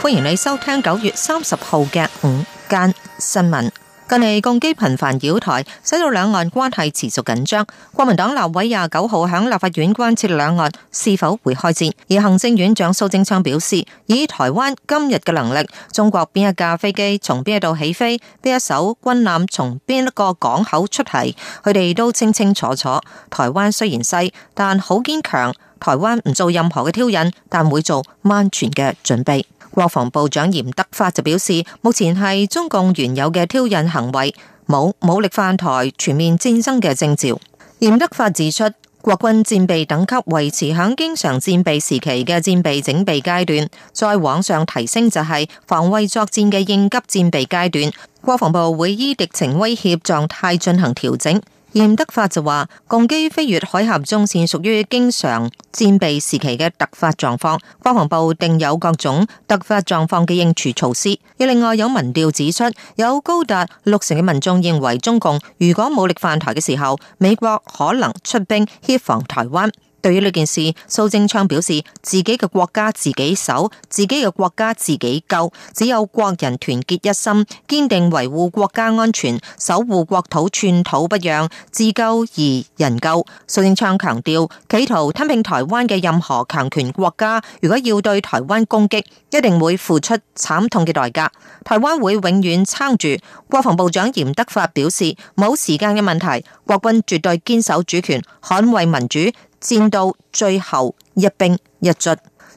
歡迎你收聽九月三十號嘅午間新聞。近期共機頻繁繞台，使到兩岸關係持續緊張。國民黨立委廿九號響立法院關切兩岸是否會開戰。而行政院長蘇貞昌表示，以台灣今日嘅能力，中國邊一架飛機從邊一度起飛，邊一艘軍艦從邊一個港口出嚟，佢哋都清清楚楚。台灣雖然細，但好堅強。台灣唔做任何嘅挑釁，但會做萬全嘅準備。國防部長嚴德發就表示，目前係中共原有嘅挑釁行為，冇武力犯台、全面戰爭嘅徵兆。嚴德發指出，國軍戰備等級維持喺經常戰備時期嘅戰備整備階段，再往上提升就係防衛作戰嘅應急戰備階段。國防部會依敵情威脅狀態進行調整。嚴德發就話，共機飛越海峽中線屬於經常戰備時期嘅突發狀況，國防部定有各種突發狀況嘅應處措施。而另外有民調指出，有高達六成嘅民眾認為，中共如果武力犯台嘅時候，美國可能出兵協防台灣。對於呢件事，蘇貞昌表示，自己嘅國家自己守，自己嘅國家自己救，只有國人團結一心，堅定維護國家安全，守護國土寸土不讓，自救而人救。蘇貞昌強調，企圖吞併台灣嘅任何強權國家，如果要對台灣攻擊，一定會付出慘痛嘅代價。台灣會永遠撐住。國防部長嚴德發表示，冇時間嘅問題，國軍絕對堅守主權，捍衛民主。戰鬥最後一兵一卒。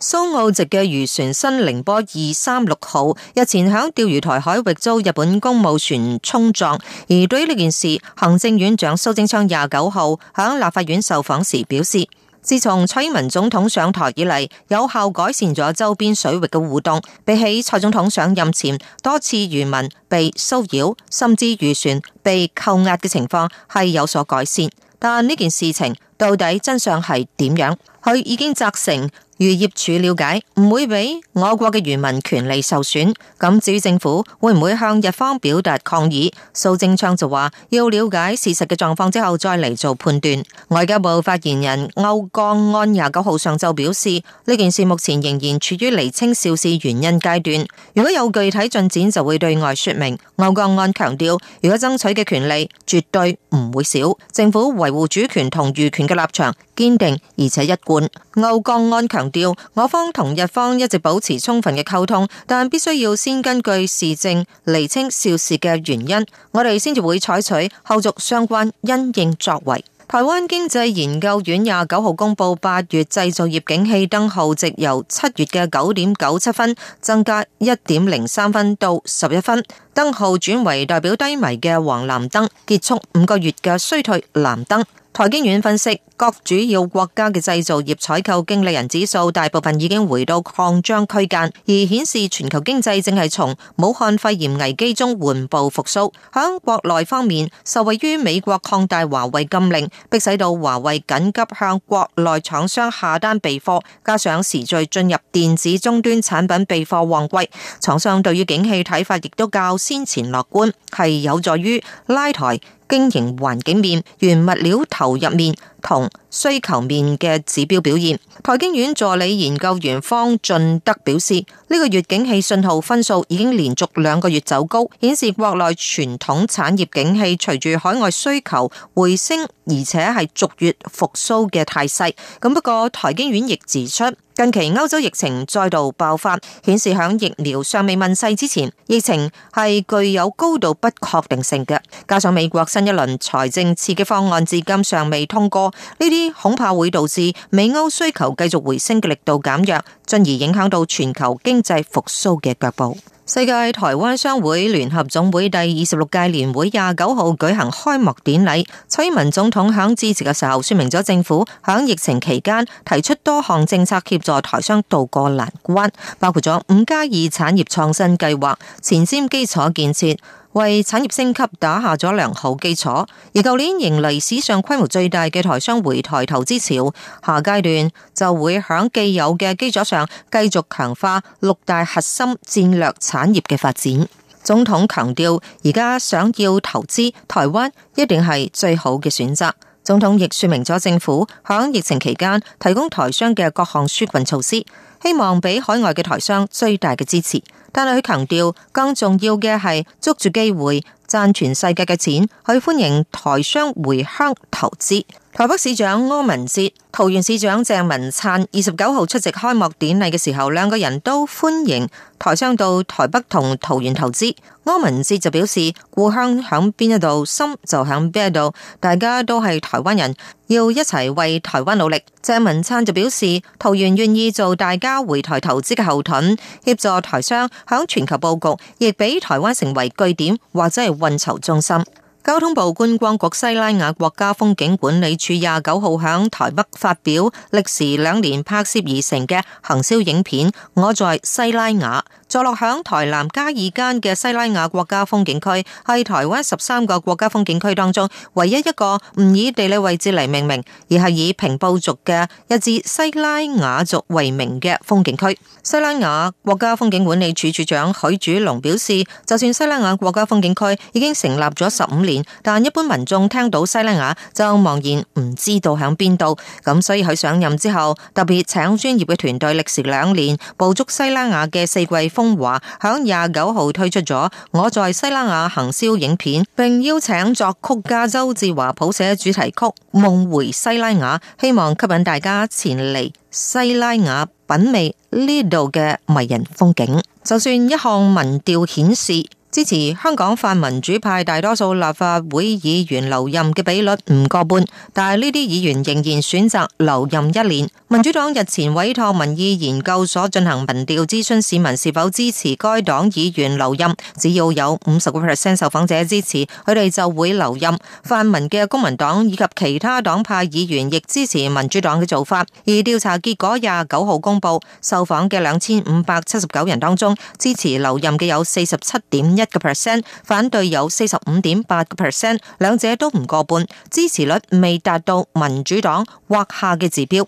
蘇澳籍嘅漁船新凌波二三六號日前響釣魚台海域遭日本公務船衝撞。而對於呢件事，行政院長蘇貞昌廿九號響立法院受訪時表示，自從蔡英文總統上台以嚟，有效改善咗周邊水域嘅互動，比起蔡總統上任前多次漁民被騷擾，甚至漁船被扣押嘅情況係有所改善。但呢件事情。到底真相係點樣？佢已經責成，漁業署了解唔會俾我國嘅漁民權利受損。咁至於政府會唔會向日方表達抗議？蘇貞昌就話要了解事實嘅狀況之後再嚟做判斷。外交部發言人歐江安廿九號上晝表示，呢件事目前仍然處於厘清肇事原因階段。如果有具體進展，就會對外說明。歐江安強調，如果爭取嘅權利絕對唔會少，政府維護主權同漁權嘅立場。堅定而且一貫，歐江安強調，我方同日方一直保持充分嘅溝通，但必須要先根據事證厘清肇事嘅原因，我哋先至會採取後續相關因應作為。台灣經濟研究院廿九號公布八月製造業景氣燈號值由七月嘅九點九七分增加一點零三分到十一分，燈號轉為代表低迷嘅黃藍燈，結束五個月嘅衰退藍燈。台經院分析，各主要國家嘅製造業採購經理人指數大部分已經回到擴張區間，而顯示全球經濟正係從武漢肺炎危機中緩步復甦。響國內方面，受惠於美國擴大華為禁令，迫使到華為緊急向國內廠商下單備貨，加上時序進入電子終端產品備貨旺季，廠商對於景氣睇法亦都較先前樂觀，係有助於拉抬。經營環境面、原物料投入面，同需求面嘅指標表現，台經院助理研究員方俊德表示，呢、這個月景氣信號分數已經連續兩個月走高，顯示國內傳統產業景氣隨住海外需求回升，而且係逐月復甦嘅態勢。咁不過台經院亦指出，近期歐洲疫情再度爆發，顯示響疫苗尚未問世之前，疫情係具有高度不確定性嘅。加上美國新一輪財政刺激方案至今尚未通過。呢啲恐怕會導致美歐需求繼續回升嘅力度減弱，進而影響到全球經濟復甦嘅腳步。世界台灣商會聯合總會第二十六屆年會廿九號舉行開幕典禮，蔡英文總統響致辭嘅時候，說明咗政府響疫情期間提出多項政策協助台商渡過難關，包括咗五加二產業創新計劃、前瞻基礎建設。為產業升級打下咗良好基礎，而舊年迎來史上規模最大嘅台商回台投資潮，下階段就會響既有嘅基礎上繼續強化六大核心戰略產業嘅發展。總統強調，而家想要投資台灣，一定係最好嘅選擇。總統亦說明咗政府喺疫情期間提供台商嘅各項紓困措施，希望畀海外嘅台商最大嘅支持。但係佢強調，更重要嘅係捉住機會。賺全世界嘅錢，去歡迎台商回鄉投資。台北市長柯文哲、桃園市長鄭文燦二十九號出席開幕典禮嘅時候，兩個人都歡迎台商到台北同桃園投資。柯文哲就表示：故鄉響邊一度，心就響邊一度，大家都係台灣人。要一齊為台灣努力。鄭文燦就表示，桃園願意做大家回台投資嘅後盾，協助台商響全球布局，亦俾台灣成為據點或者係運籌中心。交通部觀光局西拉雅國家風景管理處廿九號響台北發表歷時兩年拍攝而成嘅行銷影片《我在西拉雅》。坐落響台南嘉義間嘅西拉雅國家風景區，係台灣十三個國家風景區當中唯一一個唔以地理位置嚟命名，而係以平埔族嘅一支西拉雅族為名嘅風景區。西拉雅國家風景管理處處長許主隆表示，就算西拉雅國家風景區已經成立咗十五年，但一般民眾聽到西拉雅就茫然唔知道響邊度。咁所以佢上任之後特別請專業嘅團隊歷時兩年，捕捉西拉雅嘅四季。風華響廿九號推出咗《我在西拉雅行銷》影片，並邀請作曲家周志華譜寫主題曲《夢回西拉雅》，希望吸引大家前嚟西拉雅品味呢度嘅迷人風景。就算一項民調顯示，支持香港泛民主派大多數立法會議員留任嘅比率唔過半，但係呢啲議員仍然選擇留任一年。民主黨日前委託民意研究所進行民調，諮詢市民是否支持該黨議員留任。只要有五十個 percent 受訪者支持，佢哋就會留任。泛民嘅公民黨以及其他黨派議員亦支持民主黨嘅做法。而調查結果廿九號公布，受訪嘅兩千五百七十九人當中，支持留任嘅有四十七點一個 percent，反對有四十五點八個 percent，兩者都唔過半，支持率未達到民主黨劃下嘅指標。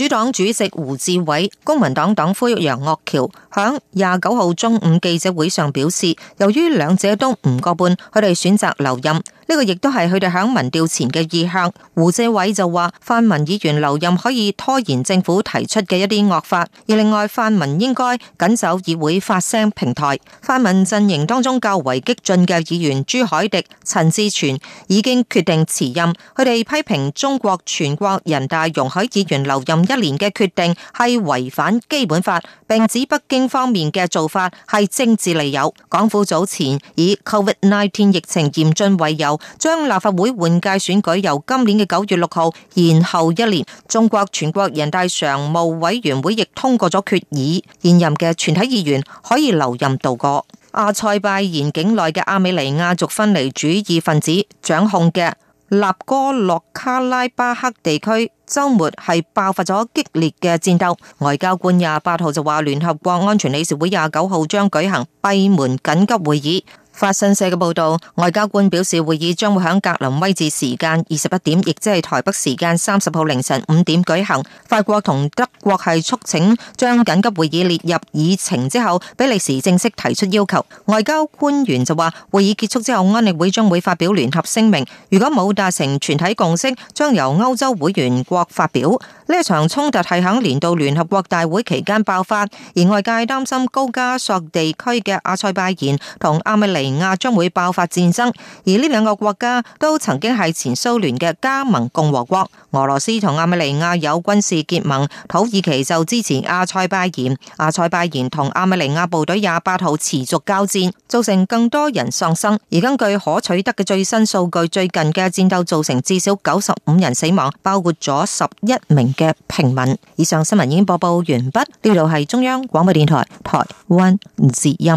主黨主席胡志偉、公民黨黨魁楊岳橋響廿九號中午記者會上表示，由於兩者都唔過半，佢哋選擇留任。呢個亦都係佢哋喺民調前嘅意向。胡志偉就話：泛民議員留任可以拖延政府提出嘅一啲惡法。而另外，泛民應該緊守議會發聲平台。泛民陣營當中較為激進嘅議員朱凱迪、陳志全已經決定辭任。佢哋批評中國全國人大容許議員留任一年嘅決定係違反基本法，並指北京方面嘅做法係政治利誘。港府早前以 Covid-19 疫情嚴峻為由。將立法會換屆選舉由今年嘅九月六號延後一年。中國全國人大常務委員會亦通過咗決議，現任嘅全體議員可以留任度過。阿塞拜然境內嘅阿美尼亞族分離主義分子掌控嘅納哥洛卡拉巴克地區周末係爆發咗激烈嘅戰鬥。外交官廿八號就話，聯合國安全理事會廿九號將舉行閉門緊急會議。法新社嘅報道，外交官表示會議將會響格林威治時間二十一點，亦即係台北時間三十號凌晨五點舉行。法國同德國係促請將緊急會議列入議程之後，比利時正式提出要求。外交官員就話，會議結束之後安理會將會發表聯合聲明。如果冇達成全體共識，將由歐洲會員國發表。呢一場衝突係響年度聯合國大會期間爆發，而外界擔心高加索地區嘅阿塞拜然同阿美尼。亞將會爆發戰爭，而呢兩個國家都曾經係前蘇聯嘅加盟共和國。俄羅斯同亞美尼亞有軍事結盟，土耳其就支持亞塞拜然。亞塞拜然同亞美尼亞部隊廿八號持續交戰，造成更多人喪生。而根據可取得嘅最新數據，最近嘅戰鬥造成至少九十五人死亡，包括咗十一名嘅平民。以上新聞已經播報完畢，呢度係中央廣播電台台灣之音。